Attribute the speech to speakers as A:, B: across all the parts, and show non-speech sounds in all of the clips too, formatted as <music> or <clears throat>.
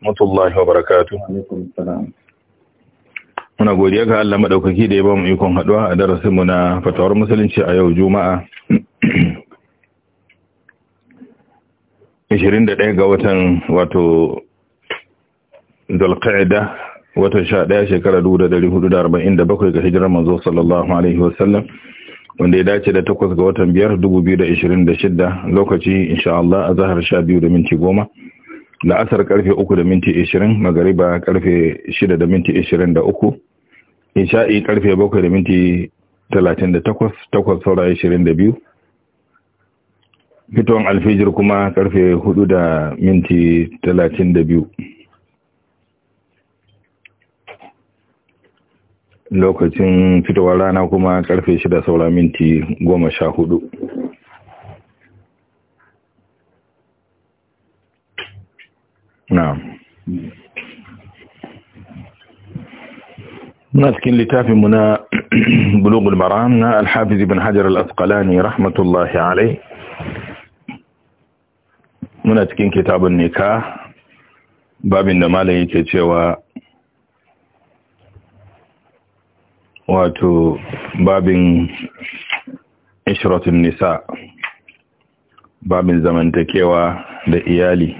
A: rahmatullahi wa barakatuh muna godiya ga Allah madaukaki da ya ba mu ikon haduwa a darasin mu na fatawar musulunci a yau juma'a 21 ga watan wato Zulqa'da watan 11 shekara 1447 ga hijirar manzo sallallahu alaihi wasallam wanda ya dace da takwas ga watan biyar dubu biyu da ishirin da shidda lokaci insha Allah a zahar sha biyu da minti goma la'asar karfe uku da minti ishirin magariba karfe shida da minti ishirin da uku isha'i karfe bakwai da minti talatin da takwas takwas saura ishirin da biyu fitowar alfijir kuma karfe hudu da minti talatin da biyu lokacin fitowar rana kuma karfe shida saura minti goma sha hudu muna cikin littafinmu na <clears throat> bulugul maram na alhafiz ibn hajar al-asqalani rahmatullahi alai muna cikin kitabun nika babin da malam yake cewa wato babin ishratun nisa babin zamantakewa da iyali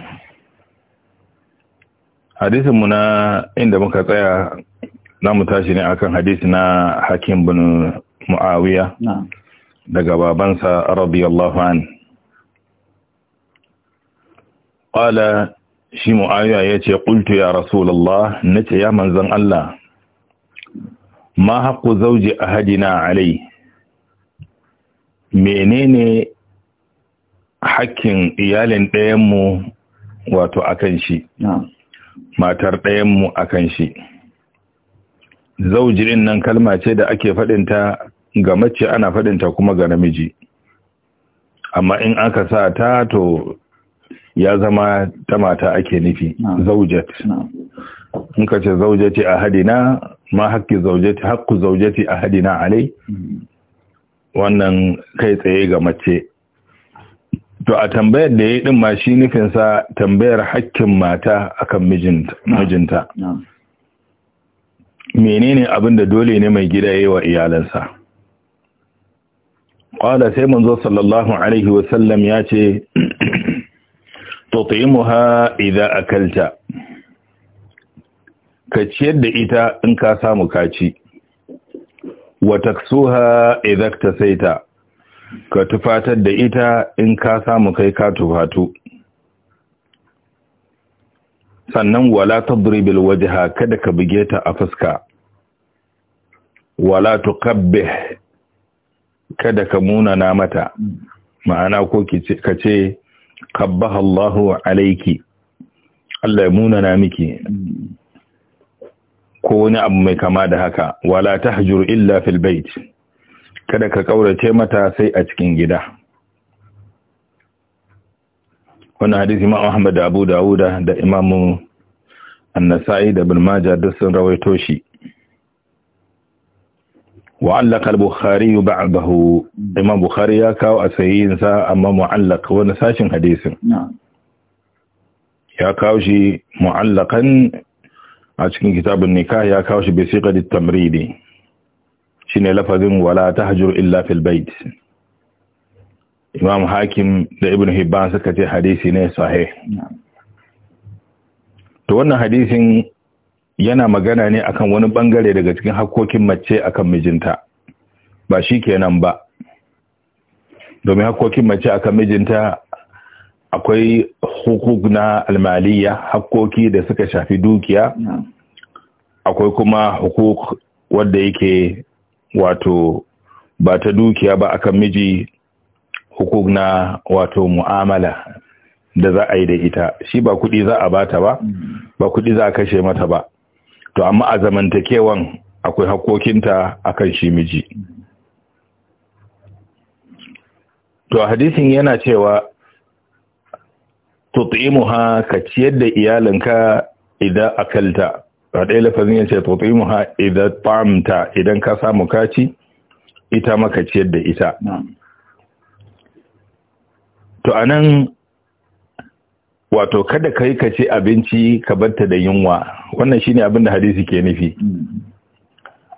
A: hadisin mu na inda muka tsaya za mu tashi ne akan hadisi na hakim bin mu'awiya daga babansa radiyallahu an qala shi mu'awiya yace qultu ya rasulullah nace ya manzon Allah ma haqqu zawji ahadina alai menene hakkin iyalin ɗayan mu wato akan shi na'am matar ɗayanmu a kan shi zaujirin nan kalma ce da ake faɗinta ga mace ana faɗinta kuma ga namiji amma in aka sa ta to ya zama ta mata ake nufi zaujet. in ka ce zaujeti a hadina ma haƙƙi zaujeti, haƙƙu zaujeti a hadina alai mm-hmm. wannan kai tsaye ga mace to a tambayar da ya yi ma shi nufinsa tambayar hakkin mata a kan mijinta menene abin da dole ne mai gida yi wa iyalansa ƙwada sai manzo sallallahu alaihi wasallam ya ce <clears throat> ha idan akalta ka ciyar da ita in ka samu kaci wa taksuha idan ta saita ka tufatar da ita in ka samu kai ka tufatu sannan wala tadribil wajha kada ka buge ta a fuska wala tuqabbih kada ka munana mata ma'ana ko ka ce qabbaha Allahu alayki Allah ya munana miki ko wani abu mai kama da haka wala tahjur illa fil bait kada ka kaurace mata sai a cikin gida wani hadisi ma Muhammad Abu Dawuda da Imam An-Nasa'i da Ibn Majah duk sun rawaito shi wa allaq al-Bukhari ba'dahu Imam Bukhari ya kawo asayin sa amma mu'allaq wani sashin hadisin ya kawo shi mu'allaqan a cikin kitabun nikah ya kawo shi bi siqati tamridi ne lafazin wala ta tahjur illa filbait Imam Hakim da Ibn Hibban suka ce hadisi ne sahih to wannan hadisin yana magana ne akan wani bangare daga cikin hakokin mace akan mijinta ba shi kenan ba domin hakokin mace akan mijinta akwai hukuk na almaliya hakoki da suka shafi dukiya akwai kuma hukuk wadda yake wato ba ta dukiya ba akan miji hukuk na wato mu'amala da za a yi da ita shi ba kuɗi za a bata ba ba kuɗi za a kashe mata ba to amma a zamantakewan akwai hakokinta akan shi miji to hadisin yana cewa tut'imuha ka ciyar da iyalinka idan akalta ba ɗaya lafazin ya ce tutimuha idan ta'amta idan ka samu kaci ita maka ciyar da ita to anan wato kada kai ka ci abinci ka barta da yunwa wannan shine abin da hadisi ke nufi hmm.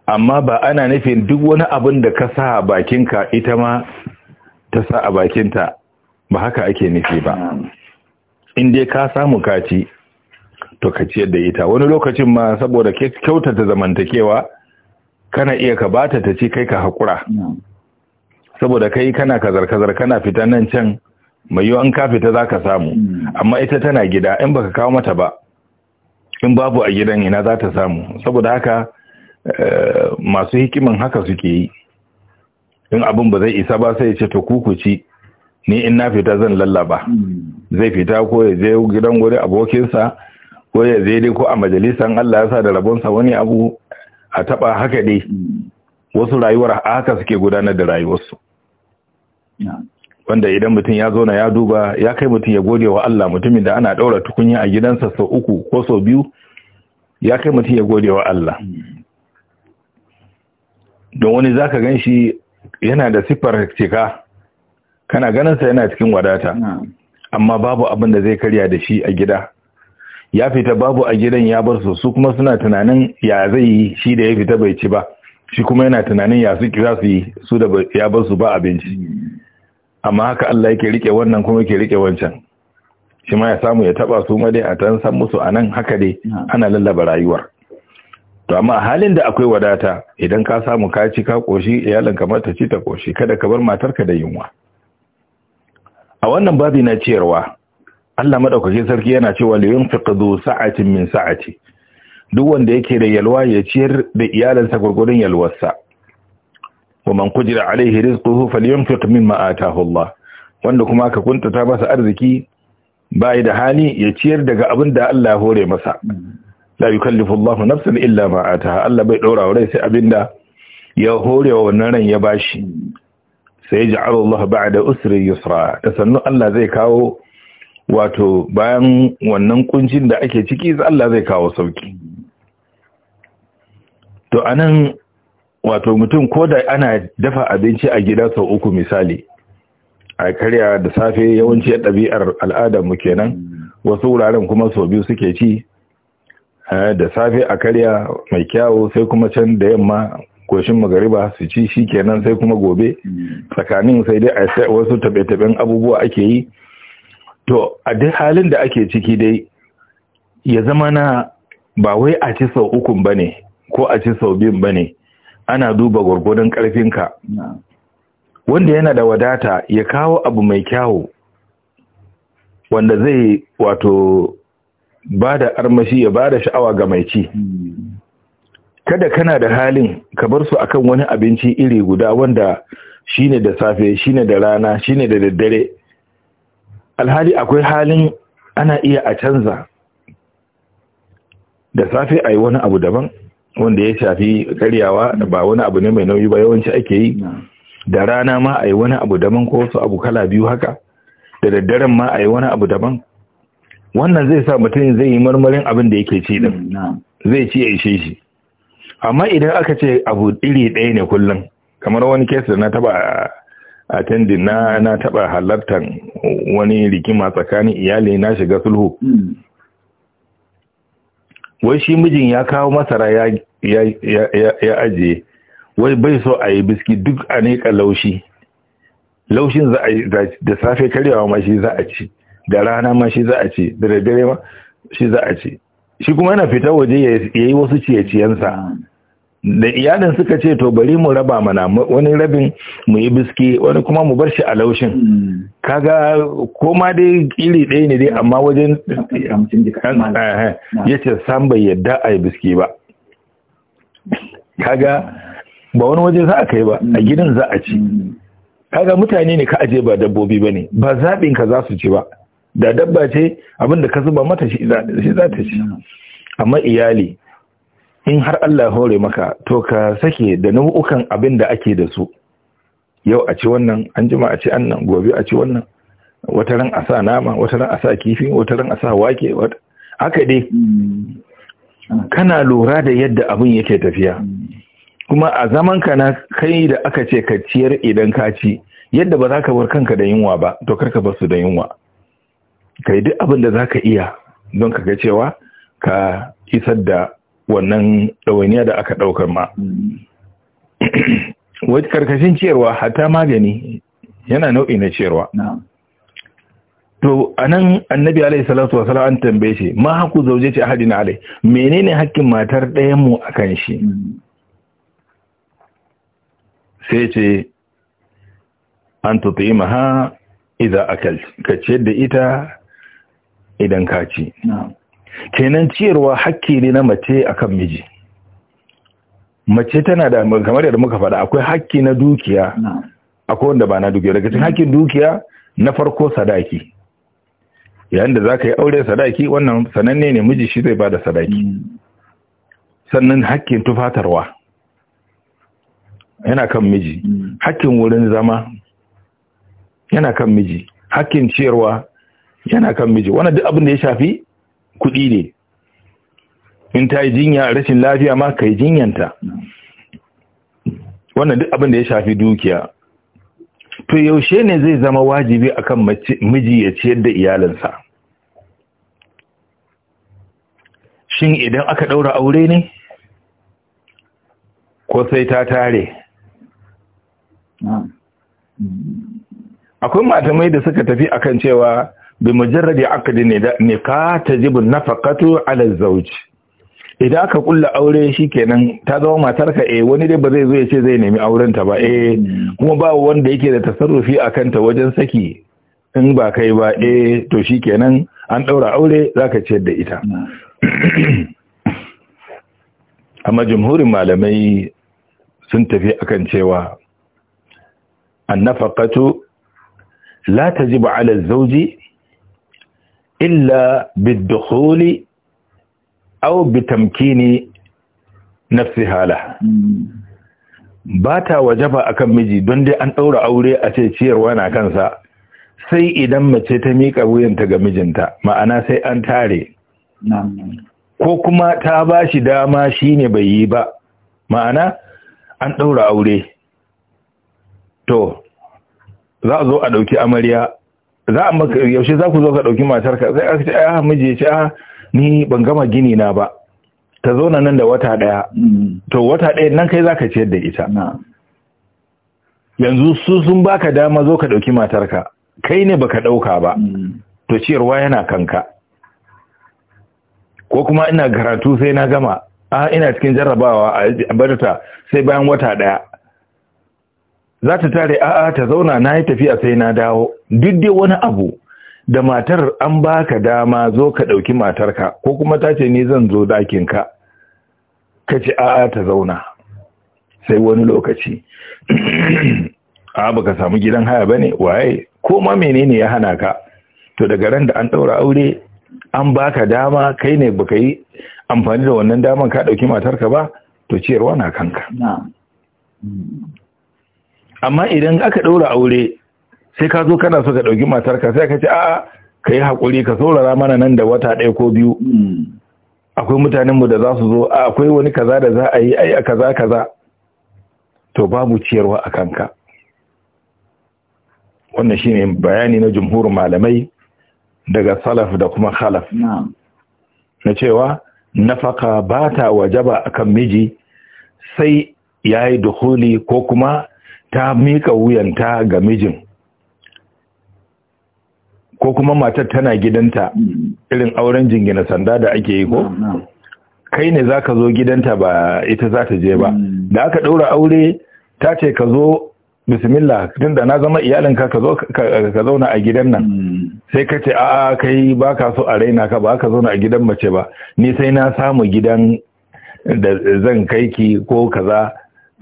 A: amma ba ana nufin duk wani abin da ka sa a bakinka ita ma ta sa a bakinta ba haka ake nufi ba in dai ka samu kaci to ka ciyar da ita wani lokacin ma saboda kyautata zamantakewa kana iya ka bata ta ci kai ka haƙura saboda kai kana kazar-kazar kana fita nan can mai yiwu an ka fita za ka samu hmm. amma ita tana gida in baka kawo mata ba in babu a gidan ina za ta samu saboda haka eh, masu hikiman haka suke yi in abin ba zai isa ba sai ya ce ta kukuci ni in na fita zan lallaba hmm. zai fita ko ya je gidan wuri abokinsa ko ya zai dai ko a majalisan Allah ya sa da rabonsa wani abu a taba haka dai wasu rayuwar haka suke gudanar da rayuwarsu wanda idan mutum ya zauna ya duba ya kai mutum ya gode wa Allah mutumin da ana ɗaura tukunya a gidansa sau uku ko sau biyu ya kai mutum ya gode wa Allah don wani zaka gan shi yana da siffar cika kana ganinsa yana cikin wadata amma babu abin da zai karya da shi a gida ya fita babu a gidan ya bar su su kuma suna tunanin ya zai yi shi da ya fita bai ci ba shi kuma yana tunanin ya su kira su yi su da ya bar su ba abinci amma haka Allah yake rike wannan kuma yake rike wancan shi ma ya samu ya taba su made a tan san musu anan haka dai ana lallaba rayuwar to amma halin da akwai wadata idan ka samu ka ci ka koshi iyalin kamar ta ci ta koshi kada ka bar matarka da yunwa a wannan babi na ciyarwa Allah madaukake sarki yana cewa li yunfiqu sa'atin min sa'ati duk wanda yake da yalwa ya ciyar da iyalansa gurgurun yalwarsa wa man qudira alaihi rizquhu falyunfiq mimma ataahu Allah wanda kuma aka kuntata masa arziki bai da hali ya ciyar daga abin da Allah hore masa la yukallifu Allah nafsan illa ma Allah bai daura wa rai sai abinda ya hore wa wannan ran ya bashi sai ja'ala ba'a ba'da usri yusra da sannu Allah zai kawo wato bayan wannan kuncin da ake ciki Allah zai kawo sauki to anan wato mutum ko da ana dafa abinci a gida sau uku misali a karya da safe yawanci ya ɗabi'ar al'adarmu mu kenan wasu wuraren kuma sau biyu suke ci eh, da safe a karya mai kyawo sai kuma can da yamma koshin magariba su ci shi kenan sai kuma gobe mm. tsakanin sai dai a wasu taɓe-taɓen abubuwa ake yi to a duk halin da ake ciki dai ya zama na ba wai a ci sau ukun ba ne ko a ci sau biyun ba ne ana duba gwargwadon ƙarfinka wanda yana da wadata ya kawo abu mai kyawu wanda zai wato ba da armashi ya ba da sha'awa ga mai ci hmm. kada kana da halin ka bar su akan wani abinci iri guda wanda shine da safe shine da rana shine da daddare alhali akwai halin ana iya a canza da safe a yi wani abu daban wanda ya shafi karyawa ba wani abu ne mai nauyi ba yawanci ake yi da rana ma a yi wani abu daban ko wasu abu kala biyu haka da daddaren ma a yi wani abu daban wannan zai sa mutum zai yi marmarin abin da yake ci din zai ci ya ishe shi amma idan aka ce abu iri ɗaya ne kullum kamar wani kesa na taba attending na na taba halartar wani rikima tsakanin iyali na shiga sulhu hmm. wai shi mijin ya kawo masara ya ya ajiye wai bai so a yi biski duk a neƙa laushi laushin za a yi da safe karyawa ma shi za a ci da rana ma shi za a ci da daddare ma shi za a ci shi kuma yana fita waje ya yi wasu ciye-ciyensa hmm. da iyalin suka ce to bari mu raba mana wani rabin mu yi biski wani kuma mu bar shi a laushin hmm. kaga koma dai iri ɗaya ne dai amma wajen ya ce san bai yadda a yi biski ba kaga ba wani waje za a kai ba a gidan za a ci hmm. kaga mutane ne ka aje ba dabbobi ba ne ba zaɓin ka za su ci ba da dabba ce abinda ka zuba mata shi za ta ci hmm. amma iyali in har Allah hore maka to ka sake da nau'ukan abin da ake da su yau a ci wannan an jima a ci annan gobe a ci wannan wata ran a sa nama wata ran a sa kifi wata ran a sa wake haka dai hmm. kana lura da yadda abin yake tafiya hmm. kuma a zaman ka na kai da aka ce ka ciyar idan ka ci yadda ba za ka bar kanka da yunwa ba to karka bar su da yunwa kai duk abin da za ka iya don ka ga cewa ka isar da wannan ɗawainiya da aka ɗaukar ma Wai karkashin ciyarwa hata magani yana nau'i na ciyarwa to a nan annabi Alayhi salatu wa salam an tambaye shi ma haku zauje ce a ahadin alai menene hakkin matar ɗayan mu kan shi mm. sai ce an tutimaha idza akal ka ce da ita idan ka ci kenan ciyarwa hakki ne na mace akan miji mace tana da kamar yadda muka faɗa akwai hakki na dukiya akwai wanda ba na dukiya daga cikin mm. hakkin dukiya na farko sadaki yayin da za ka yi aure sadaki wannan sananne ne miji shi zai ba da sadaki mm. sannan hakkin tufatarwa yana kan miji mm. hakkin wurin zama yana kan miji hakkin ciyarwa yana kan miji wannan duk abin da ya shafi kuɗi ne in ta yi jinya rashin lafiya ma ka yi jinyanta wannan duk abin da ya shafi dukiya to yaushe ne zai zama wajibi akan miji ya ciyar da iyalinsa shin idan aka ɗaura aure ne ko sai ta tare akwai matamai da suka tafi akan cewa bi mujarradi aqdi ne ka tajibu nafaqatu ala zawj idan aka kulla aure shikenan ta zama matarka eh wani dai ba zai zo ya ce zai nemi auren ta ba eh kuma ba wanda yake da tasarrufi a kanta wajen saki in ba kai ba eh to shikenan an ɗaura aure zaka ciyar da ita amma jumhurin malamai sun tafi akan cewa annafaqatu la tajibu ala zawji illa biddukhuli aw bitamkini nafsi hala ba ta wajaba akan miji don dai an ɗaura aure a ce ciyarwa na kansa sai idan mace ta miƙa wuyanta ga mijinta ma'ana sai an tare ko kuma ta ba shi dama shi ne bai yi ba ma'ana an ɗaura aure to za a zo a ɗauki amarya za a maka yaushe za ku zo ka ɗauki matarka sai aka ce ah miji ya ce a ah, ni ban gama gini na ba ta zauna nan da wata ɗaya to wata ɗaya nan kai za ka ciyar da ita yanzu su sun baka dama zo ka ɗauki matarka kai ne baka ɗauka ba mm. to ciyarwa yana kanka ko kuma ina karatu sai na gama a ah, ina cikin jarrabawa a barta sai bayan wata ɗaya za ta tare a'a ta zauna na yi tafiya sai na dawo duk dai wani abu da matar an baka dama zo ka ɗauki matarka ko kuma ta ce ni zan zo dakinka ka ce a'a ta zauna sai wani lokaci <clears throat> a baka samu gidan haya ne waye ko ma menene ya hana ka to daga ran da an ɗaura aure an baka dama kai ne baka yi amfani da wannan daman ka ɗauki matarka ba to ciyarwa na kanka hmm. amma idan aka ɗaura aure sai ka zo kana so ka ɗauki matarka sai ka ce a'a ka yi hakuri ka saurara mana nan da wata ɗaya ko biyu hmm. akwai mutanenmu da za su zo akwai wani kaza da za a yi a kaza kaza to babu ciyarwa a kanka wannan shine bayani na jumhurin malamai daga salaf da kuma khalaf na cewa nafaka ba ta wajaba akan miji sai ya yi ko kuma ta mika wuyanta ga mijin ko kuma matar tana gidanta irin auren jingina sanda da ake yi ko kai ne za ka zo gidanta ba ita za ta je ba hmm. da aka ɗaura aure ta ce ka zo bismillah tun da na zama iyalinka ka ka zauna a gidan nan hmm. sai ka ce a'a kai ba ka so a raina ka ba ka zauna a gidan mace ba ni sai na samu gidan da zan kai ki ko kaza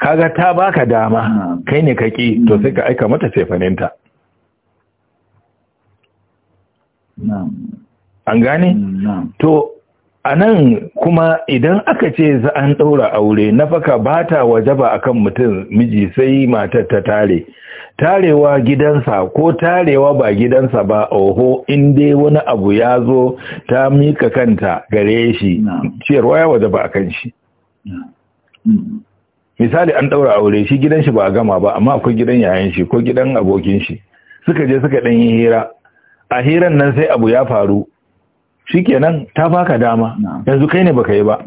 A: kaga ta baka dama ah. kai ne kaki to sai ka aika mata cefaninta an gane mm, to anan kuma idan aka ce za an ɗaura aure nafaka ba ta wajaba akan mutum miji sai matar ta tare tarewa gidansa ko tarewa ba gidansa ba oho in dai wani abu ya zo ta mika kanta gare shi ciyarwa ya wajaba akan shi misali an ɗaura aure shi gidan shi ba a gama ba amma akwai gidan yayan shi ko gidan abokin shi suka je suka ɗan yi hira a hiran nan sai abu ya faru shikenan ta baka dama yanzu kai ne baka yi ba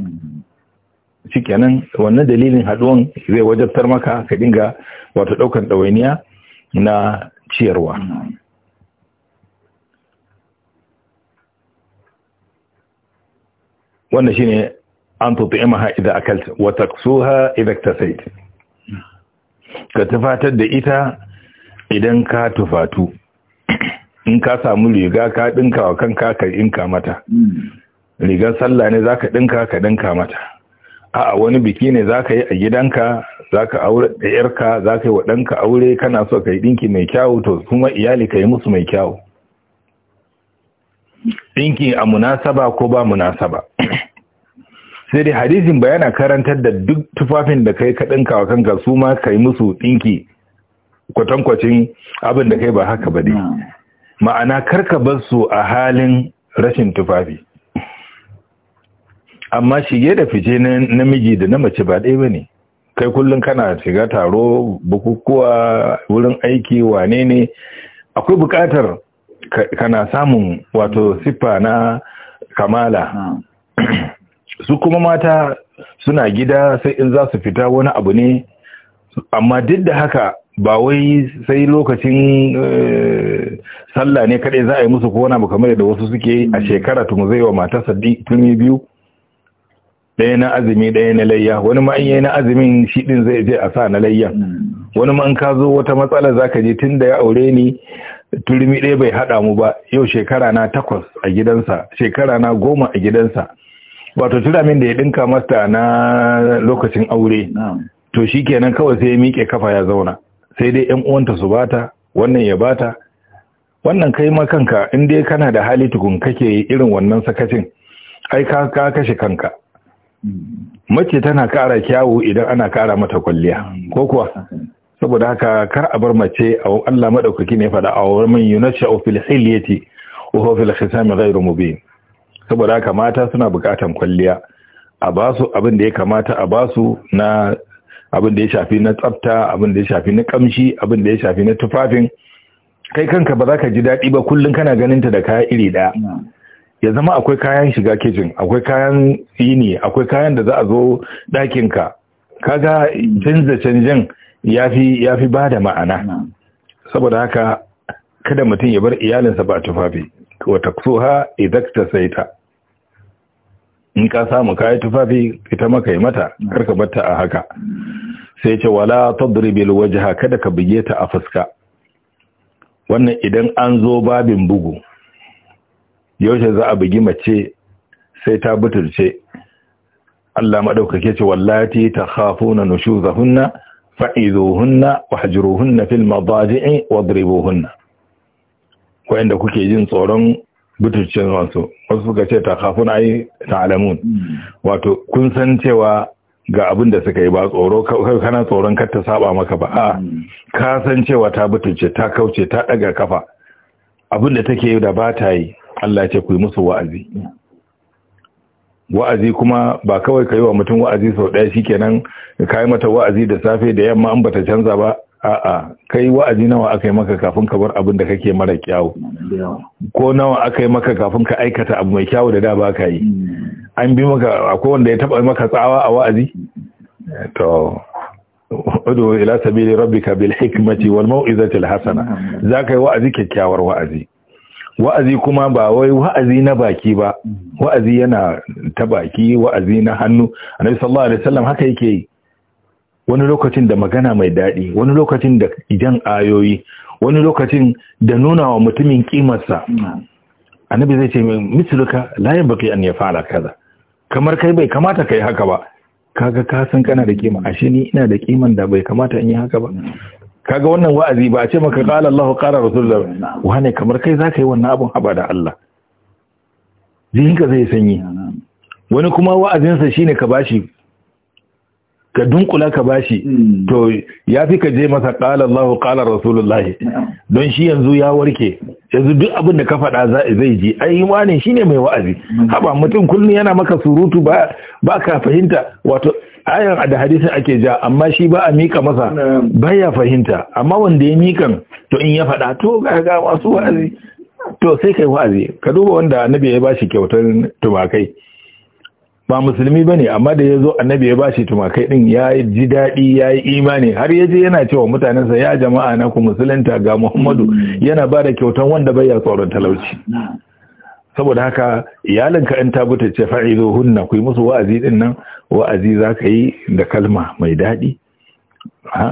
A: shikenan wannan dalilin haɗuwan zai wajabtar maka ka dinga wato ɗaukan ɗawainiya na ciyarwa wannan shine an tut'imaha idza akalta wa taqsuha idza iktasayta ka tufatar da ita idan ka tufatu in ka samu riga ka dinka wa kanka ka dinka mata rigar sallah ne zaka dinka ka dinka mata a'a wani biki ne zaka yi a gidanka zaka aure da yarka zaka yi wa danka aure kana so kai dinki mai kyau to kuma iyali ka yi musu mai kyau dinki a munasaba ko ba munasaba sai dai hadisin ba yana karantar da duk tufafin da kai ka ɗinka wa kanka su ma ka yi musu ɗinki kwatankwacin abin da kai ba haka ba dai ma'ana karka bar su a halin rashin tufafi amma shige da fice na namiji da na mace ba ɗaya ba ne kai kullum kana shiga taro bukukuwa wurin aiki wane ne akwai buƙatar kana samun wato siffa na kamala <clears throat> su kuma mata suna gida sai in za su fita wani abu ne amma duk da haka ba wai sai lokacin eh, sallah ne kaɗai za a yi musu ko wani abu kamar da wasu suke a shekara tun zai wa matarsa turmi biyu ɗaya na azumi ɗaya na layya wani ma na azumin shi ɗin zai je a sa na layya wani ma in ka zo wata matsala za ka je tun da ya aure ni turmi ɗaya bai haɗa mu ba yau shekara na takwas a gidansa shekara na goma a gidansa wato turamin da ya dinka masta na lokacin aure to shi kenan kawai sai ya miƙe kafa ya zauna sai dai yan uwanta su bata wannan ya bata wannan kai ma kanka in dai kana da hali tukun kake irin wannan sakacin ai ka ka kashe kanka hmm. mace tana kara kyawu idan ana kara mata kwalliya hmm. ko kuwa saboda haka kar a bar mace a Allah madaukaki ne faɗa a wurin yunashu fil hilyati wa huwa fil khisam ghayru mubin saboda haka mata suna bukatan kwalliya a basu abin da ya kamata a basu na abin da ya shafi na tsafta abin da ya shafi na kamshi abin da ya shafi na tufafin kai kanka ba za ka ji daɗi ba kullum kana ganin ta da kaya iri ɗaya ya zama akwai kayan shiga kicin akwai kayan yini akwai kayan da za a zo ka kaga canza canjin ya fi ba da ma'ana saboda haka kada mutum ya bar iyalinsa ba tufafi wa taksuha idan ta saita in ka samu kayi tufafi ita maka yi mata karka batta a haka sai ce wala tadribil wajha kada ka buge ta a fuska wannan idan an zo babin bugu yaushe za a bugi mace sai ta buturce Allah madaukake ce wallati takhafuna nushuzahunna fa'izuhunna wahjuruhunna fil madaji'i wadribuhunna waɗanda kuke jin tsoron butulcin wasu wasu suka ce ta kafin ayi alamun wato kun san cewa ga abin da suka yi ba tsoro kana tsoron kar ta saba maka ba a ka san cewa ta butulce ta kauce ta daga kafa abin da take yi da ba ta yi Allah ce ku yi musu wa'azi wa'azi kuma ba kawai ka yi wa mutum wa'azi sau ɗaya shikenan ka yi mata wa'azi da safe da yamma an bata canza ba a'a kai wa'azi nawa aka yi maka kafin ka bar abin da kake mara kyawu ko nawa aka yi maka kafin ka aikata abu mai kyawu da da ba ka yi an bi maka akwai wanda ya taba maka tsawa a wa'azi to udu ila sabili rabbika bil hikmati wal mau'izati al hasana zaka yi wa'azi kyakkyawar wa'azi wa'azi kuma ba wai wa'azi na baki ba wa'azi yana ta baki wa'azi na hannu annabi sallallahu alaihi wasallam haka yake yi wani lokacin da magana mai daɗi wani lokacin da idan ayoyi wani lokacin da nuna wa mutumin kimarsa annabi zai ce misluka layin baki an ya fara kaza kamar kai bai kamata kai haka ba kaga ka san kana da kima ashe ni ina da kiman da bai kamata in yi haka ba kaga wannan wa'azi ba a ce maka qala Allah qala rasulullah wane kamar kai zaka yi wannan abun haba da Allah ka zai sanyi wani kuma wa'azinsa shine ka bashi ka dunkula ka bashi hmm. to ya fi ka je masa ƙalar lahu ƙala Rasulullahi don shi yanzu ya warke yanzu duk abin da ka faɗa zai ji ai imanin shi ne mai wa'azi hmm. haba mutum kullum yana maka surutu ba ka fahimta wato ayan da hadisin ake ja amma shi ba a mika masa ya fahimta amma wanda ya mikan to in ya faɗa to ga ga masu wa'azi to sai kai wa'azi ka duba wanda annabi ya ba shi kyautar tumakai ba musulmi ba ne amma da ya zo annabi ya bashi tumakai ɗin ya ji daɗi ya yi imani har ya je yana cewa mutanensa ya jama'a na ku musulunta ga muhammadu mm. yana ba da kyautan wanda bai ya tsoron talauci saboda haka iyalinka in ta buta ce fa'izo hunna ku yi musu wa'azi ɗin nan wa'azi za ka yi da kalma mai daɗi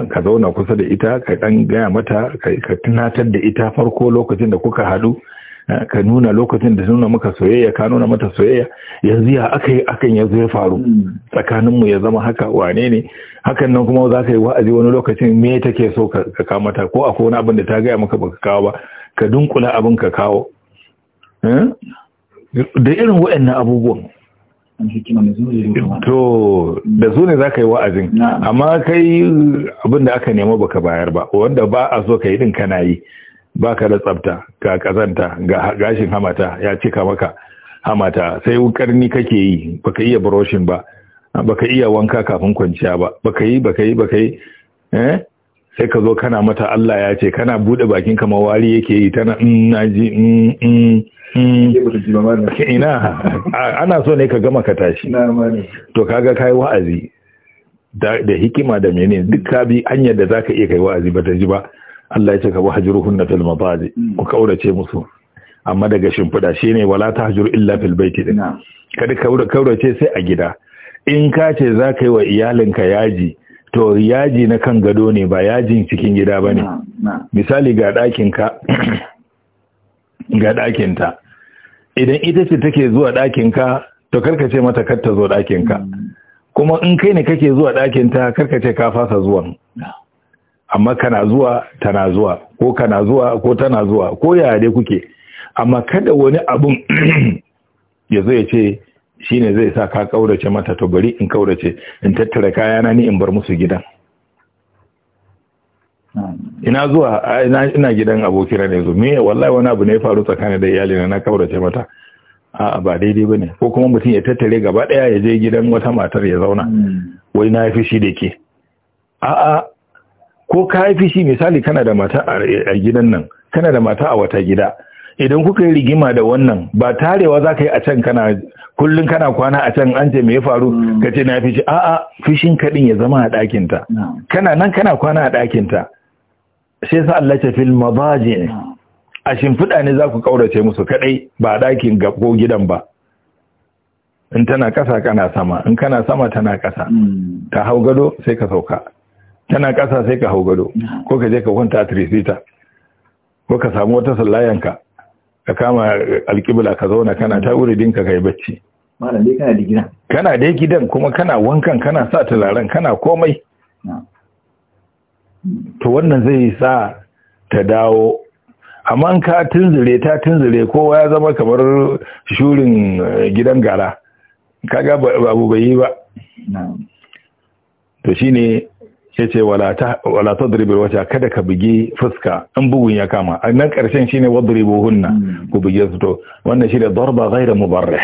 A: ka zauna kusa da ita ka ɗan gaya mata ka tunatar da ita farko lokacin da kuka haɗu ka nuna lokacin da nuna maka soyayya ka nuna mata soyayya yanzu ya aka yi akan ya ya faru hmm. Tsakaninmu ya zama haka wane ne hakan nan kuma za ka yi wa'azi wani lokacin me take so ka kawo mata ko akwai wani abin da ta gaya maka baka kawo ba ka dunkula abin ka kawo hmm? da irin wa'annan abubuwan to da su ne za ka yi wa'azin amma kai abin da aka nema baka bayar ba wanda ba a so ka yi din kana yi baka da tsabta ga kazanta ga gashin hamata ya cika maka hamata sai karni kake yi baka iya broshin ba baka iya wanka kafin kwanciya ba baka yi baka yi baka yi eh sai ka zo kana mata Allah ya ce kana bude bakin ka mawari yake yi tana in naji in in ina ana so ne ka gama ka tashi to kaga kai wa'azi da hikima da menene duk ka bi hanyar da zaka iya kai wa'azi ba ta ji ba Allah ya ce ka wa hajruhunna fil madaji mm. ku kaurace musu amma daga shimfiɗa shine wala tahjur illa fil baiti din kada kaurace sai a gida in ka ce za ka yi wa iyalinka yaji to yaji na kan gado ne ba yajin cikin gida ba ne misali ga ɗakinka <coughs> ga ɗakinta idan ita ce take zuwa ɗakinka to karkace mata kar ta zo ɗakinka mm. kuma in kai ne kake zuwa ɗakinta karkace ka fasa zuwan amma kana zuwa tana zuwa ko kana zuwa ko tana zuwa ko yaya dai kuke amma kada wani abun <clears throat> ya zo ya ce shine zai sa ka kaurace mata to bari in kaurace in tattara kayana ni in bar musu gidan ina zuwa ina gidan abokina ne zo me wallahi wani abu ne ya faru tsakanin da iyali na kaurace mata a'a ba daidai bane ko kuma mutum ya tattare gaba daya ya je gidan wata matar ya zauna hmm. wai na fi shi da ke a'a ko ka haifi shi misali kana da mata a gidan nan kana da mata a wata gida idan kuka yi rigima da wannan ba tarewa za ka yi a can kana kullum kana kwana a can an ce me ya faru mm. ka ce na fishi a'a fishin kaɗin ya zama a ɗakinta mm. kana nan kana kwana a ɗakinta sai sa Allah ta fil mabaji mm. a shimfiɗa ne za ku kaurace musu kaɗai ba a ɗakin ko gidan ba in tana ƙasa kana sama in kana sama tana kasa ta hau gado sai ka sauka tana ƙasa sai ka hau gado ko ka je ka kwanta a tirisita ko ka samu wata sallayanka ka kama alƙibla ka zauna kana ta uridinka ka yi bacci Kana dai gidan kuma kana wankan kana sa turaren kana komai to wannan zai sa ta dawo amma an ka tunzure ta tunzure kowa ya zama kamar shurin eh, gidan gara kaga babu bai yi ba to shine ya ce wala ta duribir wata kada ka bugi fuska in bugun ya kama a nan karshen shine wadribu hunna ku bugi su to wannan shi da darba ghaira mubarrih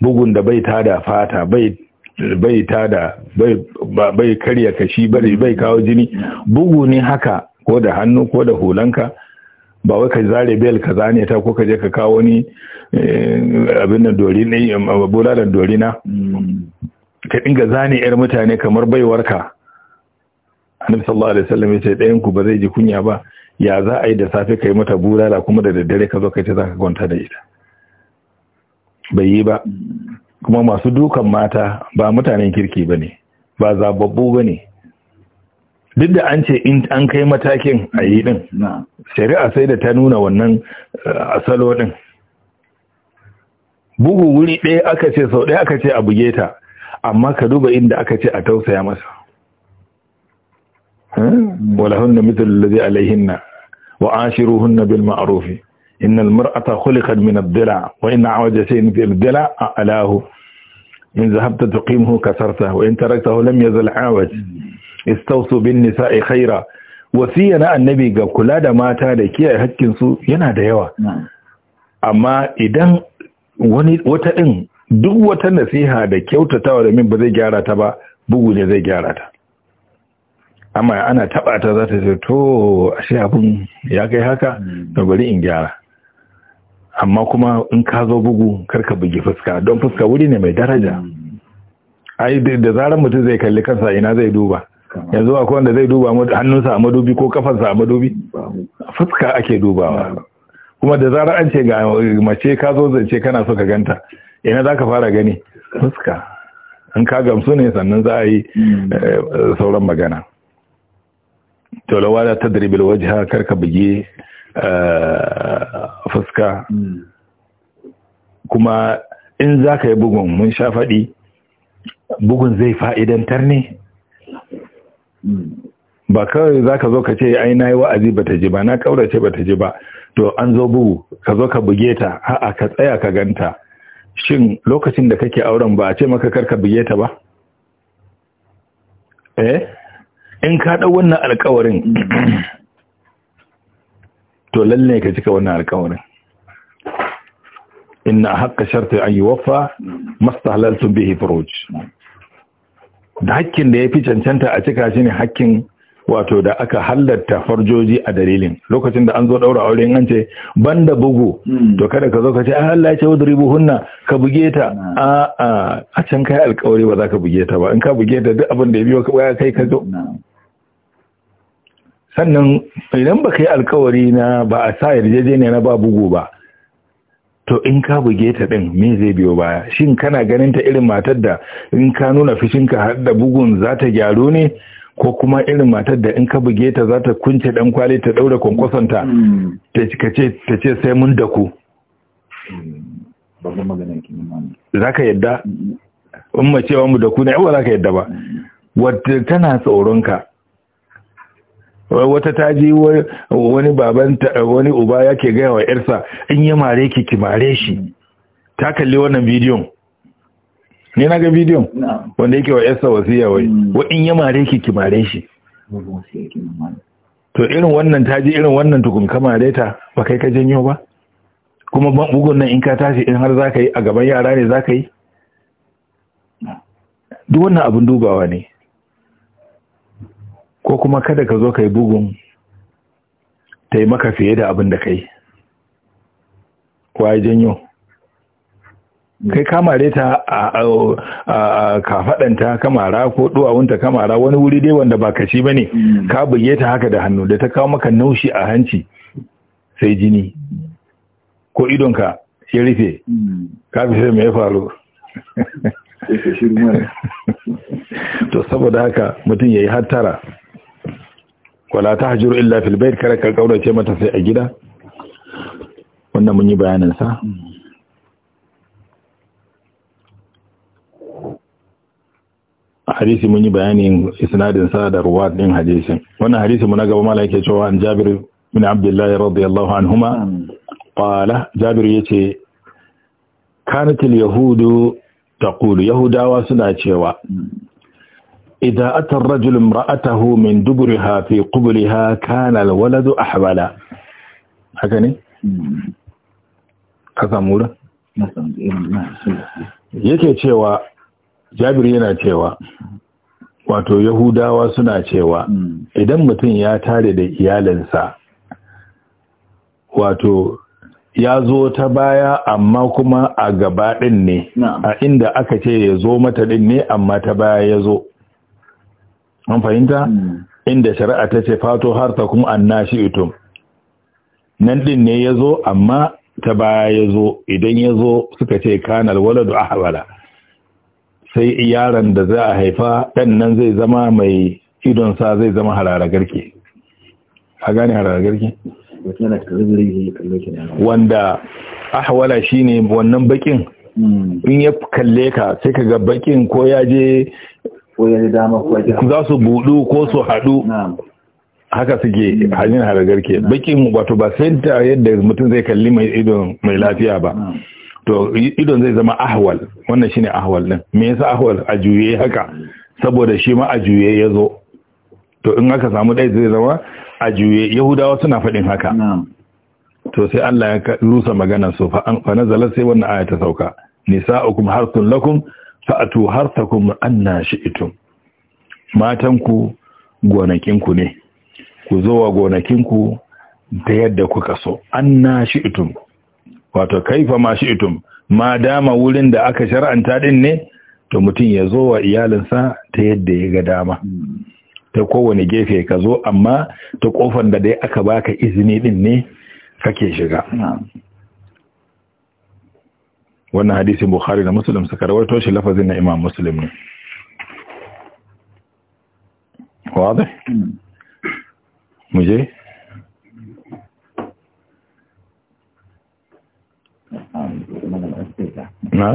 A: bugun da bai tada fata bai tada bai karya kashi bari bai kawo jini bugu ne haka ko da hannu ko da hulanka ba wai ka zare bel ka zane ta ko ka je ka kawo ni eh, abin da dori ne da dori na ka dinga zane yar mutane kamar baiwarka annabi sallallahu alaihi wasallam ya ce ɗayan ku ba zai ji kunya ba ya za a yi da safe ka yi mata bulala kuma da daddare ka zo kai ta zaka kwanta da ita bai yi ba kuma masu dukan mata ba mutanen kirki bane ba zababbu bane duk da an ce in an kai matakin a yi din shari'a sai da ta nuna wannan eh, asalo din bugu wuri ɗaya aka ce sau ɗaya aka ce a buge ta amma ka duba inda aka ce a tausaya masa ولهن مثل الذي عليهن وعاشروهن بالمعروف إن المرأة خلقت من الضلع وإن عوج شيء في الضلع أعلاه إن ذهبت تقيمه كسرته وإن تركته لم يزل عوج استوصوا بالنساء خيرا wasiya na annabi ga kula da mata da kiyaye haƙƙinsu yana da yawa amma idan wani ɗin duk wata nasiha da kyautatawa da min ba zai gyara ta ba bugu ne zai gyara ta amma ana taɓa ta za ta ce to ashe abin ya kai haka da hmm. bari in gyara amma kuma in ka zo bugu karka bugi fuska don fuska wuri ne mai daraja hmm. ai da zarar mutum zai kalli kansa ina zai duba yanzu a wanda zai duba hannunsa a madubi ko kafarsa a madubi fuska ake dubawa kuma da zarar an ce ga mace ka zo zance kana so ka ganta ina za ka fara gani fuska in ka gamsu ne sannan za a yi hmm. eh, sauran magana to lawala tadribil wajha karka buge eh, fuska kuma in zaka yi bugun mun sha faɗi bugun zai fa'idantar ne ba kawai za ka zo ka ce ai na yi wa'azi ba ta ji ba na kaurace ba ta ji ba to an zo bugu ka zo ka buge ta ha'a ka tsaya ka ganta shin lokacin da kake auren ba a ce maka karka buge ta ba eh in ka ɗau wannan alkawarin to lalle ka cika wannan alkawarin inna haƙƙa sharti an yuwaffa wafa bihi furuj da hakkin da ya fi cancanta a cika shi ne hakkin wato da aka halatta farjoji a dalilin lokacin da an zo daura aure an ce banda bugu hmm. to kada ka zo ka ce a ah, Allah ya ce wadribu buhunna ka buge ta hmm. a a a can kai alƙawari ba za ka buge ta ba in ka buge ta duk abin da ya biyo ka kai ka zo hmm. sannan idan ba kai alƙawari na ba a sa yarjejeniya na ba bugu ba to in ka buge ta din me zai biyo baya shin kana ganin ta irin matar da in ka nuna fishinka har da bugun za ta gyaru ne ko kuma irin matar da in ka buge ta za ta kunce dan kwali ta daura kwankwasanta mm. ta ce sai mun da ku za ka yadda in macewa mu da ku ne yawa za ka yadda ba wata tana tsoronka wata ta ji wani baban wani uba yake gaya wa yarsa in ya mare ki ki mare shi ta kalli wannan bidiyon ne na ga bidiyon wanda yake wa yasa wasiya wai hmm. wa in ya mare ki ki mare shi to irin wannan ta ji irin wannan tukun ka mare ta ba kai ka janyo ba kuma ban bugun nan in ka tashi in har za ka yi a gaban yara ne za ka yi duk wannan abin dubawa ne ko kuma kada ka zo kai bugun ta yi maka fiye da abin da ka yi kwaye janyo Mm. kai kamare ta a kafadanta kamara ko duwawunta kamara wani wuri dai wanda ba kashi ba ne mm. ka buge ta haka da hannu da ta kawo maka naushi a hanci sai jini ko idonka ya rufe mm. ka fi sai mai faru <laughs> to saboda haka mutum ya yi hattara wala ta hajjuru illa filbayar kare ka ce mata sai a gida wannan mun yi bayaninsa hadisi mun yi bayanin isnadin sa da ruwa din hadisin wannan hadisi mun gaba mala ke cewa an Jabir bin Abdullah radiyallahu anhuma qala Jabir yace kanatil yahudu taqulu yahudawa suna cewa idza ata ar-rajulu imra'atahu min dubriha fi qubliha kana al-waladu ahwala haka ne hmm. ka samu yake cewa jabir yana cewa wato yahudawa suna cewa hmm. idan mutum ya tare da iyalinsa wato ya zo ta baya amma kuma a gaba ne a inda aka ce ya zo mata ɗin ne amma ta baya ya zo an fahimta hmm. inda shari'a ta ce fato har ta kuma an nashi itum nan ɗin ne ya zo amma ta baya ya zo idan ya zo suka ce kanal waladu ahwala sai yaron da za a haifa ɗan nan zai zama mai idon sa zai zama hararagarke a gane hararagarke wanda ahwala shine wannan bakin hmm. in ya kalle ka sai ka ga bakin ko ya je za su budu ko su haɗu haka suke hmm. hanyar haragarke bakin wato ba sai ta yadda mutum zai kalli mai idon mai lafiya ba to idon zai zama ahwal wannan shine ahwal din me yasa ahwal a juye haka saboda shi ma a juye yazo to in aka samu dai zai zama a juye yahudawa suna faɗin haka to sai Allah ya rusa magana su fa an nazala sai wannan aya ta sauka nisa'ukum harthun lakum fa'atu harthakum anna shi'tum matanku gonakinku ne ku zo wa gonakinku da yadda kuka so anna shi'tum wato kaifa ma itum ma dama wurin da aka shar'anta din ne to mutum ya zo wa iyalinsa ta yadda ya ga dama ta kowane gefe ka zo amma ta kofar da dai aka baka izini din ne kake shiga wannan hadisin bukhari da muslim suka rawaito shi lafazin na imam muslim ne واضح
B: Na?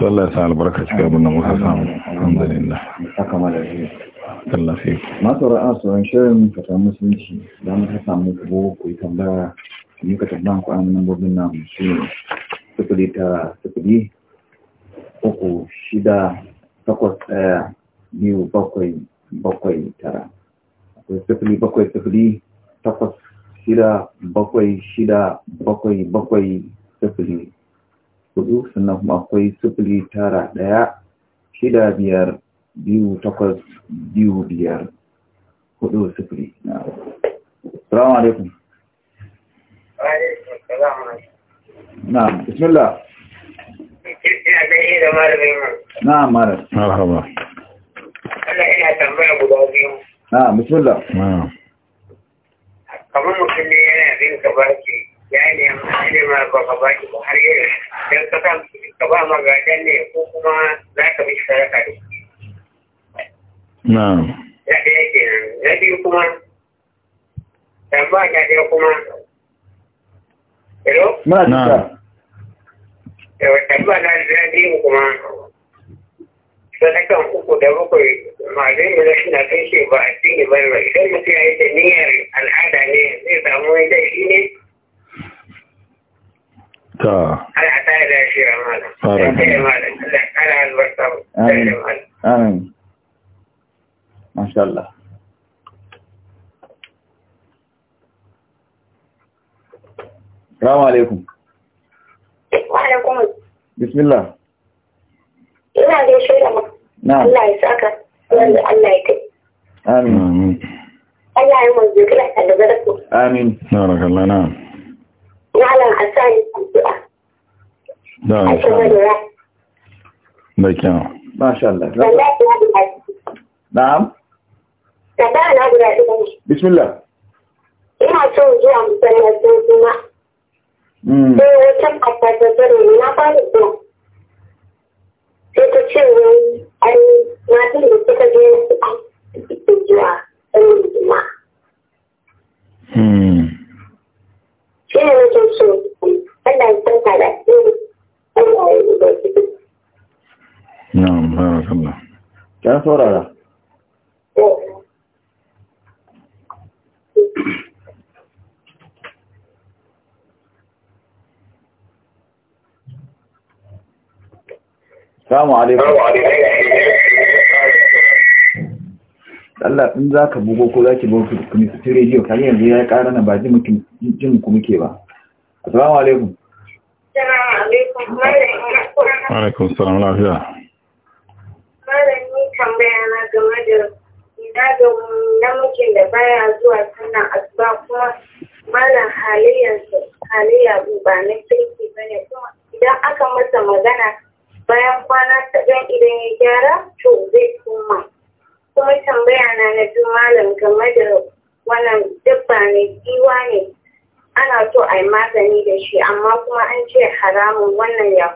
A: Allah ya sa albarka cikin abin da muka
B: samu. Alhamdulillah. Haka mala shi. Allah fi. Masu ra'a sauran shirin fata musulunci da muka samu kubo ku yi tambaya su yi ka tambaya ku an nambobin namu su shi sufuri ta sufuri uku shida takwas ɗaya biyu bakwai bakwai tara. Akwai sufuri bakwai sufuri takwas shida bakwai shida bakwai bakwai sifili hudu sannan kuma akwai sifili tara ɗaya shida biyar biyu takwas biyu biyar hudu sifili na salamu alaikum na bismillah na mara Allah
C: ina tambaya guda biyu
B: na bismillah
C: kamar mutum ne yana bin ka baki ya ne amma ne ma ba ka baki ba har yi dan ka sa ka ba ma gadan ne ko kuma za ka bi sadaka da shi na'am ya ɗaya kenan na biyu kuma tambaya ta ɗaya kuma hello na'am tambaya ta ɗaya kuma sadakan uku da bakwai malamin da suna kan shi ba a cikin ba ba idan mutum ya yi da niyyar al'ada ne zai samu wani laifi ne ta har a tare da shi ramana fara da malam Allah kara albarka amin
B: amin masha Allah Salamu alaikum.
C: Wa alaikum. Bismillah. Ina gaishe da mu. Na. Allah ya saka. wanda Allah ya kai
B: amin
C: Allah ya manzo kira ta da barku
B: amin barakallahu na
C: malam asali addu'a
B: da insha Allah da kyan masha Allah na'am
C: kada na guda bismillah ina so zuwa masallacin kuma mm. sai wata kafa ta tare na fara so sai ta ce wani ai matan da suka je suke zuwa sanin juma. Shi ne nake so, Allah ya sauka da su, Allah ya
B: da su. Na'am, barakallah. Ya saurara. Salamu alaikum. Allah in za ka bugo ko za ki bugo kuma su ci rediyo kan yanzu ya yi ƙara na ba ji mutum jin ku muke ba. Assalamu alaikum. Wa
A: alaikum salam lafiya.
C: Malami tambaya na game da ina da namijin da baya zuwa sannan asuba kuma malam halayyarsa halayya ba na kirki bane kuma idan aka masa magana bayan kwana ta ɗan idan ya gyara to zai koma kuma tambaya na na biyu malam game da wannan dabba ne giwa ne ana so a yi magani da shi amma kuma an ce haramun wannan ya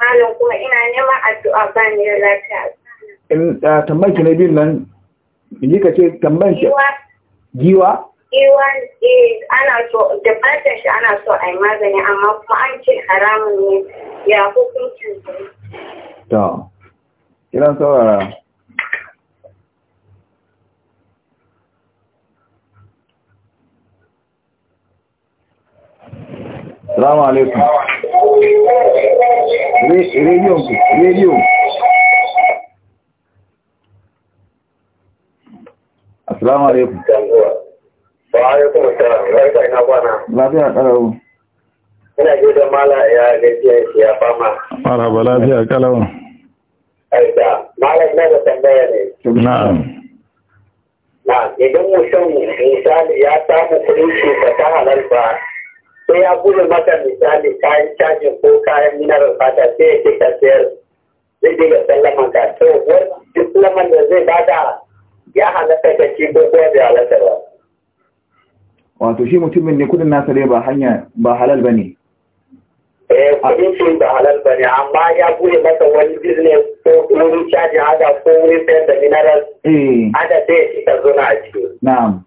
C: malam kuma ina neman addu'a ba ni da lafiya
A: in ah, tambayar ki na biyun nan in ka ce tambayar ki giwa
C: ana so da fatan shi ana so a yi magani amma kuma an ce haramun ne ya hukuncin
B: to kiran saurara
C: Salamu alaikum.
B: Assalamu alaikum. Wa alaikum assalam. Barka ina kwana. Lafiya kalau.
C: Ina je da mala ya gajiya shi ya fama.
B: Marhaba lafiya kalau.
C: Aida, malam na da tambaya ne. Na'am. Na, idan mutum misali ya samu kuɗin shi ba ta halal ba, sai ya gudu maka misali kayan cajin ko kayan minarar fata sai ya ce ka sayar zai diga sallaman ka to wani duk da zai bada ya halatta ka ci ko da bai halatta ba.
B: wato shi mutumin ne kudin nasa dai ba hanya ba halal bane
C: eh kudin shi ba halal bane amma ya buɗe masa wani business ko wurin caji hada ko wurin sayar da minerals eh hada sai shi ka zo na
B: aiki. ciki na'am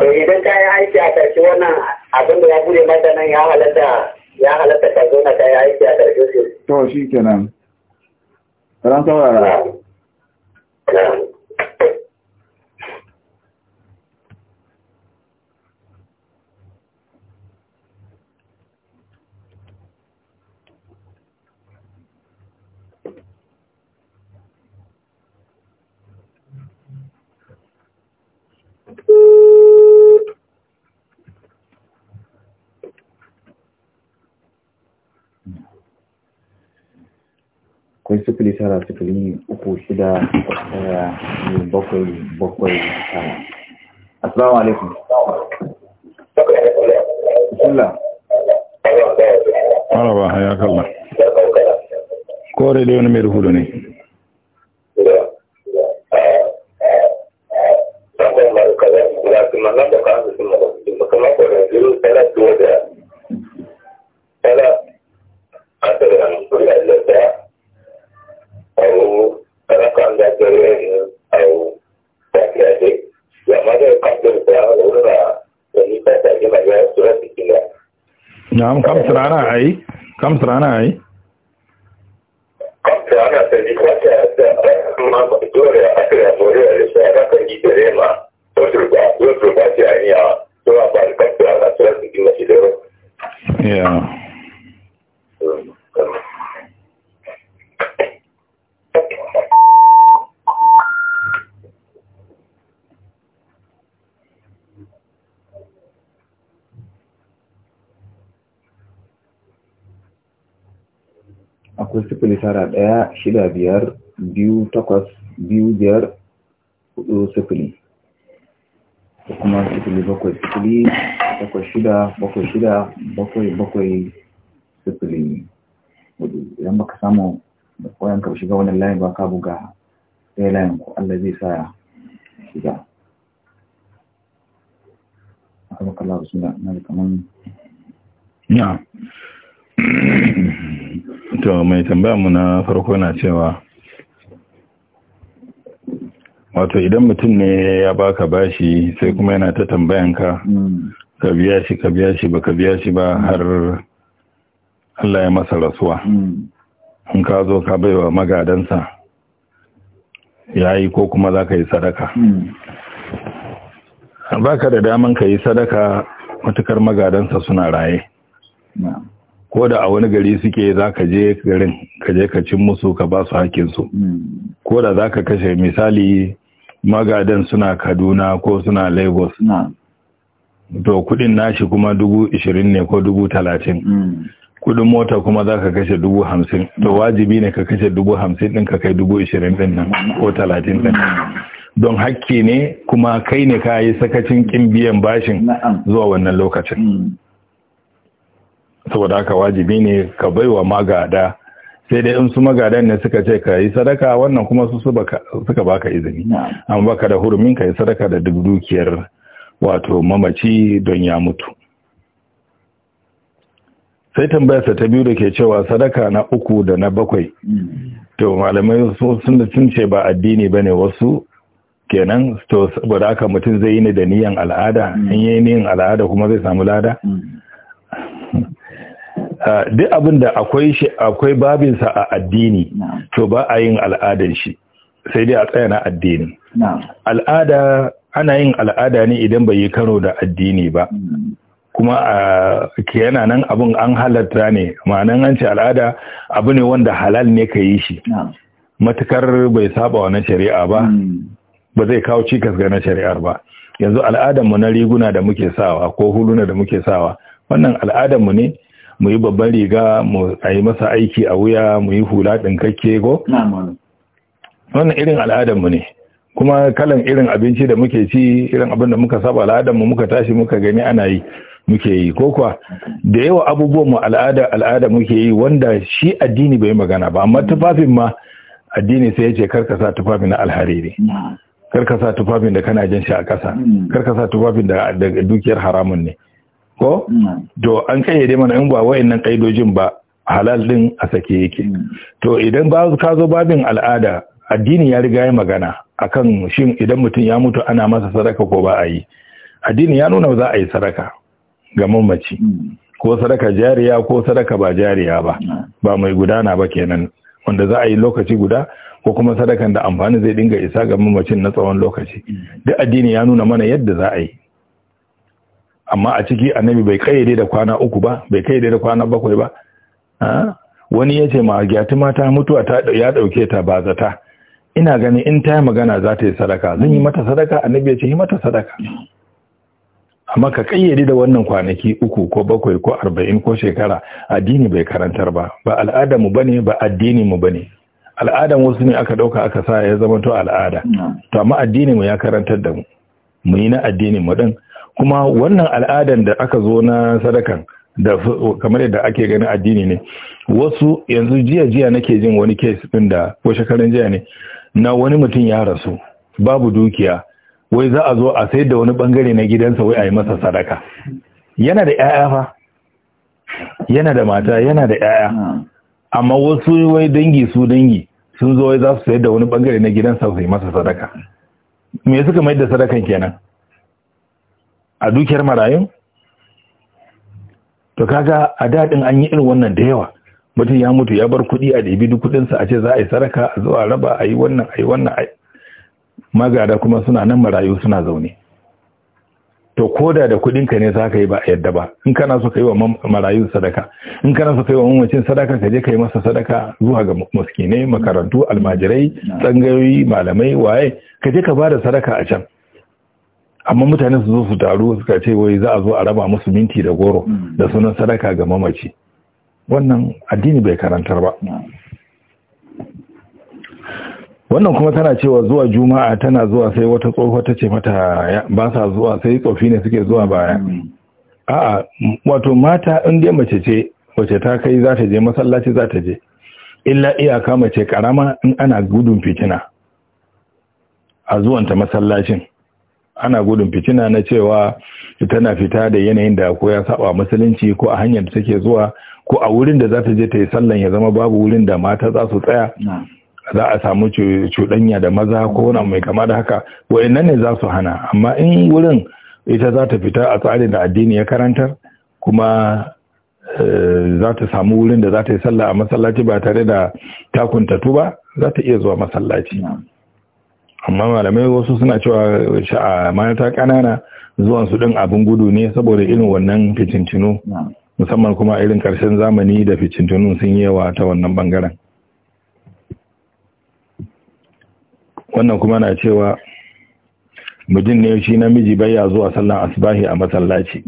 C: to eh, idan ka yi aiki a karshe wannan abin da ya buɗe masa nan ya halatta ya halatta ka zo na ka aiki a karshe shi
B: to shi kenan ran saurara akwai sifili tara sifili uku shida ɗaya biyu bakwai bakwai tara assalamu alaikum bismillah
A: maraba haya kalla kore da wani mai rahudu ne نعم كم سرعنا عي كم سرعنا عي
B: tara ɗaya shida biyar biyu takwas biyu biyar hudu sifili da kuma sifili bakwai sifili bakwai shida bakwai shida bakwai bakwai sifili hudu idan baka samu da koyon ka shiga wani layin ba ka buga ɗaya layin ko Allah zai sa shiga. Akwai makalla wasu na da kamar
A: mai mu na farko na cewa wato idan mutum ne ya baka bashi sai kuma yana ta tambayan ka mm. biya shi ka biya shi ba ka biya shi ba mm. har Allah ya masa rasuwa mm. in ka zo ka baiwa magadansa ya yi ko kuma za ka yi sadaka ba ka da daman ka yi sadaka matukar magadansa suna raye ko da a wani gari suke za ka je garin ka je ka cin musu ka ba su hakinsu ko da za ka kashe misali magadan suna kaduna ko suna lagos to kudin nashi kuma dubu ishirin ne ko dubu talatin kudin mota kuma za ka kashe dubu hamsin to wajibi ne ka kashe dubu hamsin din ka kai dubu ishirin din nan ko talatin din don hakki ne kuma kai ne ka yi sakacin kin biyan bashin zuwa wannan lokacin mm. saboda haka wajibi ne ka baiwa magada sai dai in su magadan ne suka ce ka yi sadaka wannan kuma su suka baka izini amma baka da hurumin ka yi sadaka da duk dukiyar wato mamaci don ya mutu sai tambayarsa ta biyu da ke cewa sadaka na uku da na bakwai to malamai sun ce ba addini ba ne wasu kenan to saboda haka mutum zai yi ne da niyan al'ada mm. in yi niyan al'ada kuma zai samu lada mm. <laughs> duk abin da akwai shi akwai babinsa a addini to ba a yin al'adar shi sai dai a tsaya na addini al'ada ana yin al'ada ne idan bai yi karo da addini ba hmm. kuma a yana nan abin an halatta ne ma'anan an ce al'ada abu ne wanda halal ne ka yi shi matukar bai saba wa na shari'a ba hmm. ba zai kawo cikas ga na shari'ar ba yanzu al'adarmu na riguna da muke sawa ko huluna da muke sawa wannan al'adarmu ne mu yi babban riga mu a yi masa aiki a wuya mu yi hula ɗinkakke ko? wannan irin al'adarmu ne kuma kalan irin abinci da muke ci irin abin da muka saba al'adar mu muka tashi muka gani ana yi muke yi ko kuwa da yawa abubuwan abubuwanmu al'ada al'ada muke yi wanda shi addini bai magana ba amma tufafin ma addini sai yace ce karka sa tufafi na alhariri karka sa tufafin da kana jin shi a ƙasa hmm. karka sa tufafin da dukiyar haramun ne ko mm. to an kai dai mana in ba wayannan kaidojin ba halal din a sake yake mm. to idan ba ka zo babin al'ada addini ya riga ya magana akan shin idan mutum ya mutu ana masa sadaka ko ba a yi addini ya nuna za a yi sadaka ga mamaci mm. ko sadaka jariya ko sadaka ba jariya ba ba mai gudana ba kenan wanda za a yi lokaci guda ko kuma sadakan da amfani zai dinga isa ga mamacin na tsawon lokaci duk addini ya nuna mana yadda za a yi amma a ciki annabi bai kayyade da kwana uku ba bai kayyade da kwana bakwai ba wani ya ce ma gyati mata mutuwa ta ya dauke ta ba zata ina ganin in ta magana za ta yi sadaka zan yi mata sadaka annabi ya ce yi mata sadaka amma ka kayyade da wannan kwanaki uku ko bakwai ko arba'in ko shekara addini bai karantar ba ba al'adarmu bane ba mu bane al'adan wasu ne aka dauka aka sa ya zama to al'ada hmm. to amma addinin mu ya karantar da mu mu yi na addinin mu din kuma wannan al'adan da aka zo na sadakan da kamar yadda ake ganin addini ne wasu yanzu jiya jiya nake jin wani case din da ko shekaran jiya ne na wani mutum ya rasu babu dukiya wai za a zo a sayar da wani bangare na gidansa wai a yi masa sadaka yana da 'ya'ya fa yana da mata yana da 'ya'ya amma wasu wai dangi su dangi sun zo wai za su sayar da wani bangare na gidansa su yi masa sadaka me suka mai da sadakan kenan a dukiyar marayun to kaga a daɗin an yi irin wannan da yawa mutum ya mutu ya bar kuɗi a ɗabi duk kuɗinsa a ce za a yi saraka a zuwa raba a yi wannan a yi wannan a magada kuma suna nan marayu suna zaune to koda da kuɗinka ne za ka yi ba a yadda ba in kana so ka yi wa marayu sadaka in kana so ka yi wa mamacin sadaka ka je ka yi masa sadaka zuwa ga muskinai makarantu almajirai tsangayoyi malamai waye ka je ka ba da sadaka a can amma mutane su zo su taru suka ce wai za a zo a raba musu minti da goro hmm. da sunan sadaka ga mamaci wannan addini bai karantar ba hmm. wannan kuma tana cewa zuwa juma'a tana zuwa sai wata tsoho ta ce mata ba sa zuwa sai tsofi ne suke zuwa baya hmm. a'a wato mata in dai mace ce wace ta kai za ta je masallaci za ta je illa iyaka mace karama in ana gudun fitina a zuwanta masallacin ana gudun fitina na cewa tana fita da yanayin da ko ya saba musulunci ko a hanyar da take zuwa ko a wurin da za ta je ta yi sallan ya zama babu wurin da mata za su tsaya za a samu cuɗanya da maza ko wani mai kama da haka wa'annan ne za su hana amma in wurin ita za ta fita a tsarin da addini ya karantar kuma eh, za ta samu wurin da za ta yi sallah a masallaci ba tare da takuntatu ba za ta iya zuwa masallaci. amma malamai wasu suna cewa sha'a mata kanana zuwan su din abin gudu ne saboda irin wannan ficincinu musamman kuma irin karshen zamani da ficintunun sun yi yawa ta wannan bangaren wannan kuma na cewa mijin ne shi namiji ya zuwa sallan asbahi a masallaci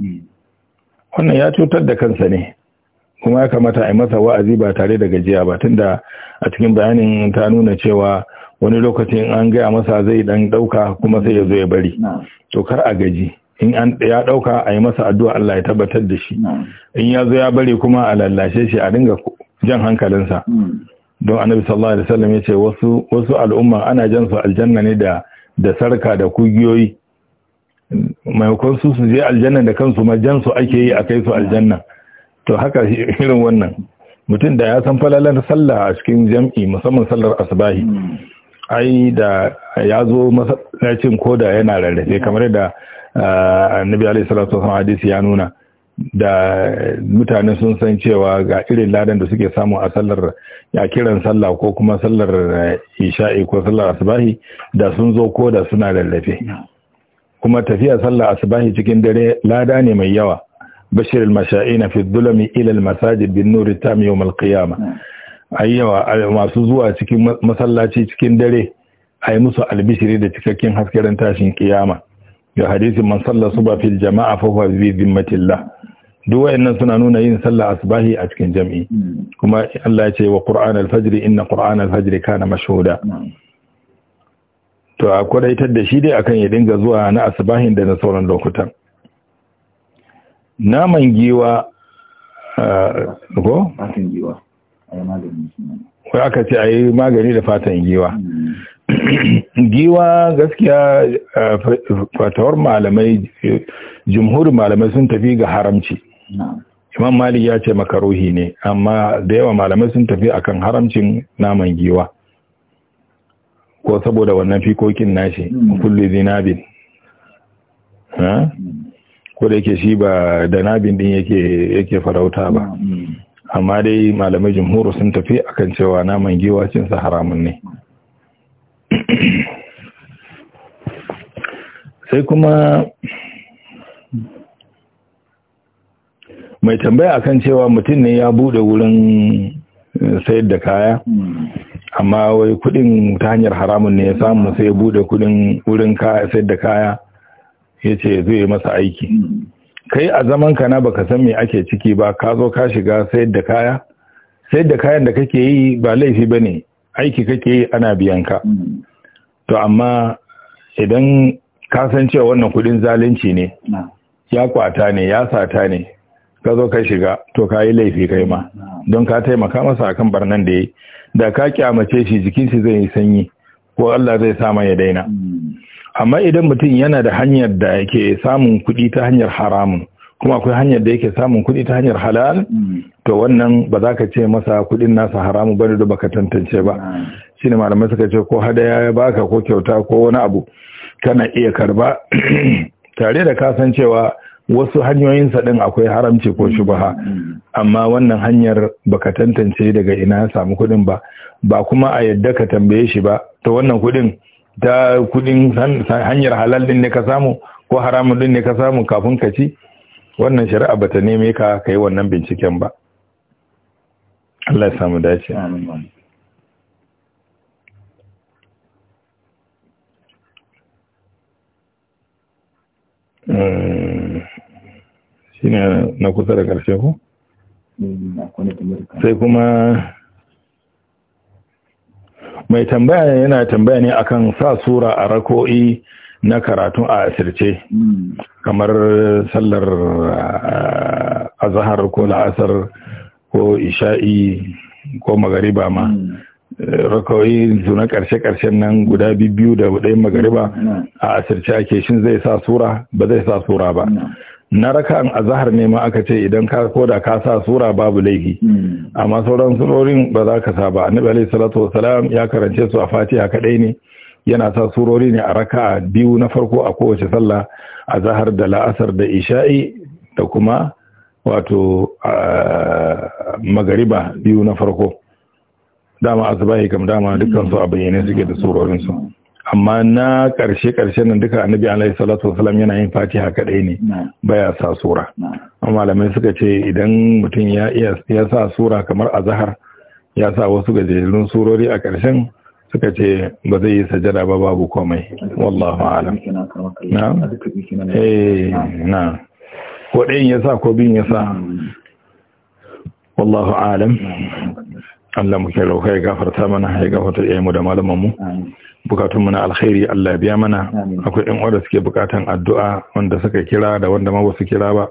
A: wannan ya cutar da kansa ne kuma ya kamata a yi masa wa'azi ba tare da gajiya ba tunda a cikin bayanin ta nuna cewa wani lokacin an gaya masa zai dan dauka kuma sai ya zo ya bari to kar a gaji in an ya dauka a yi masa addu'a Allah ya tabbatar da shi in ya zo ya bari kuma a lallashe shi a dinga jan hankalinsa hmm. don annabi sallallahu alaihi wasallam yace wasu wasu al'umma ana jan su aljanna ne da da sarka da kugiyoyi maimakon su su je aljanna da kansu ma jan su ake yi a kai su aljanna to haka irin wannan mutum da ya san falalar sallah a cikin jam'i musamman sallar asbahi hmm. ai da ya zo masallacin ko da yana rarrafe kamar da annabi alaihi salatu wasallam hadisi ya nuna da mutane sun san cewa ga irin ladan da suke samu a sallar ya kiran sallah ko kuma sallar isha'i ko sallar asbahi da sun zo ko da suna rarrafe kuma tafiya sallar asbahi cikin dare lada ne mai yawa bashir al na fi dhulami ila al-masajid bin nuri tam yawm al-qiyamah A yi yawa masu zuwa cikin masallaci cikin dare a yi musu albishiri da cikakken hasken tashin kiyama ga hadisin man salla suba fil jama'a fa huwa bi duk wayannan suna nuna yin sallah asbahi a cikin jami'i kuma Allah ya ce wa qur'an al-fajr inna qur'an al-fajr kana mashhuda to a kwadaitar da shi dai akan ya dinga zuwa na asbahin da na sauran lokutan naman giwa ah, ko naman giwa ko aka ce a yi magani da fatan giwa mm. <clears throat> giwa gaskiya fatawar malamai jumhurin malamai sun tafi ga haramci imam malik ya ce makaruhi ne amma da yawa malamai sun tafi akan haramcin naman giwa ko saboda wannan fikokin nashi mm. kullu zinabin mm. ko da yake shi ba da nabin din yake farauta ba amma dai malamai jumhuru sun tafi akan cewa naman giwa cin sa haramun ne sai kuma mai tambaya akan cewa mutum ne ya bude wurin eh, sayar da kaya amma wai kudin ta hanyar haramun ne ya samu sai ya bude kudin wurin sayar da kaya ya ce zai masa aiki kai a zaman kana ba baka san me ake ciki ba ka zo ka shiga sayar da kaya sayar da kayan da kake yi ba laifi bane aiki kake yi ana biyan ka to amma idan ka san cewa wannan kudin zalunci ne ya kwata ne ya sata ne ka zo ka shiga to ka yi laifi kai ma don ka taimaka masa akan barnan da yi da ka kyamace shi jikin shi zai yi sanyi ko Allah zai sa ya daina amma idan mutum yana da hanyar da yake samun kuɗi ta hanyar haramun kuma akwai hanyar da yake samun kuɗi ta hanyar halal mm. to wannan ba za ka ce masa kuɗin nasa haramu bane da baka tantance ba mm. shi ne malamai suka ce ko hadaya ya baka ko kyauta ko wani abu kana iya karba <clears throat> tare da cewa wasu hanyoyin sa din akwai haramci ko mm. shubha amma wannan hanyar baka tantance daga ina ya samu kuɗin ba ba kuma a yadda ka tambaye shi ba to wannan kuɗin Da kudin hanyar halal din ne ka samu ko haramun din ne ka samu kafin ka ci wannan shari'a bata neme ka kai wannan binciken ba Allah ya samu dace hmm. shi na kusa da ƙarshe ku. Hmm, sai kuma mai tambaya ne yana tambaya ne akan sa sura a rako'i na karatu a asirce kamar sallar ah, azahar ko la'asar ko isha'i ko magariba ma eh, rako'i su na karshe-karshen nan guda biyu da ɗaya magariba a asirce ake shin zai sa sura ba zai sa sura ba na raka'an azhar ne ma aka ce idan ka koda ka sa sura babu laifi hmm. amma sauran surorin ba za ka sa ba annabi alaihi salatu ya karance su a fatiha kadai ne yana sa surori ne a raka'a biyu na farko a kowace sallah azhar da la'asar da isha'i da kuma wato magariba biyu na farko dama asubahi kam dama dukkan su a bayyane suke da surorin su amma na ƙarshe ƙarshen nan duka annabi alaihi salatu wasallam yana yin fatiha kadai ne baya sa sura amma malamai suka ce idan mutum ya iya ya sa sura kamar azhar ya sa wasu gajerun surori a ƙarshen suka ce ba zai yi sajada ba babu komai wallahu alam na eh na ko ɗayan ya sa ko bin ya sa wallahu alam Allah muke rauka ya gafarta mana ya gafarta yi mu da malaman mu bukatun mana na alkhairi Allah biya mana akwai yan uwa suke bukatan addu'a wanda suka kira da wanda ma basu kira ba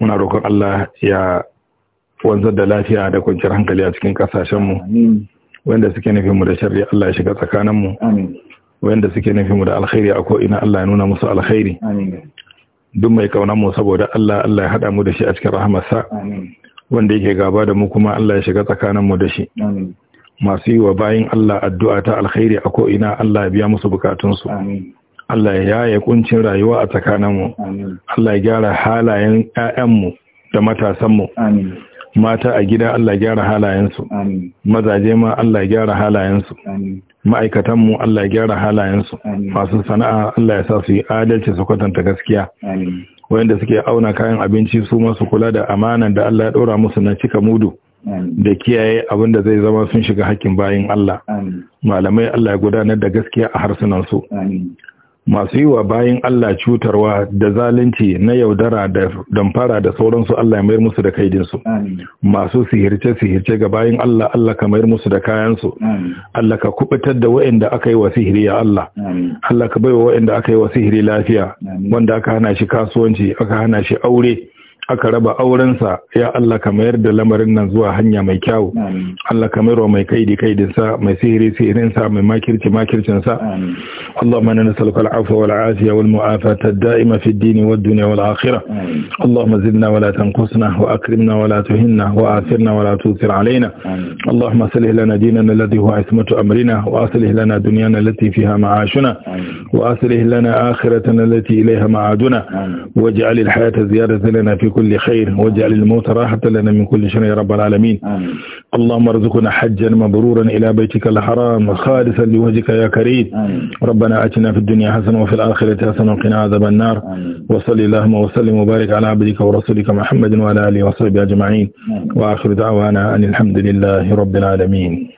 A: muna roƙon Allah ya wanzar da lafiya da kwanciyar hankali a cikin kasashen mu wanda suke nufin mu da sharri Allah ya shiga tsakanin mu wanda suke nufin mu da alkhairi a ko ina Allah ya nuna musu alkhairi duk mai kaunar mu saboda Allah Allah ya hada mu da shi a cikin sa. wanda yake gaba da mu kuma Allah ya shiga tsakaninmu da shi masu yi wa bayin Allah addu'a ta alkhairi a ko'ina Allah ya biya musu bukatunsu Allah ya yaya kuncin rayuwa a tsakaninmu Allah ya gyara halayen ‘ya'yanmu da matasanmu mata a gida Allah ya gyara halayensu mazaje ma Allah ya gyara halayensu ma'aikatanmu Allah ya gyara halayensu masu sana'a Allah ya sa su yi adalci su kwatanta gaskiya wanda suke auna kayan abinci su masu kula da amanan da Allah ya ɗora musu na cika mudu da kiyaye abinda zai zama sun shiga hakkin bayin Allah malamai Allah ya gudanar da gaskiya a harsunan harsunansu masu yi wa bayan Allah cutarwa da zalunci na yaudara da damfara da sauransu Allah ya mayar musu da kaidinsu masu sihirce-sihirce ga bayan Allah Allah ka mayar musu da kayansu Allah ka kubutar da waɗanda aka yi wa sihiri ya Allah Allah ka baiwa waɗanda aka yi wa sihiri lafiya wanda aka hana shi kasuwanci aka hana shi aure aka raba aurensa ya Allah ka mayar da lamarin nan zuwa hanya mai kyau Allah ka mayar wa mai kaidi kaidinsa mai sihiri sihirinsa mai makirci makircinsa اللهم انا نسالك العفو والعافيه والمعافاه الدائمه في الدين والدنيا والاخره اللهم زدنا ولا تنقصنا واكرمنا ولا تهنا واثرنا ولا تؤثر علينا اللهم اصلح لنا ديننا الذي هو عصمه امرنا واصلح لنا دنيانا التي فيها معاشنا واصلح لنا اخرتنا التي اليها معادنا واجعل الحياه زياده لنا في كل خير واجعل الموت راحة لنا من كل شر يا رب العالمين آمين. اللهم ارزقنا حجا مبرورا إلى بيتك الحرام خالصا لوجهك يا كريم آمين. ربنا أتنا في الدنيا حسنة وفي الآخرة حسنة وقنا عذاب النار آمين. وصل اللهم وسلم وبارك على عبدك ورسولك محمد وعلى آله وصحبه أجمعين آمين. وآخر دعوانا أن الحمد لله رب العالمين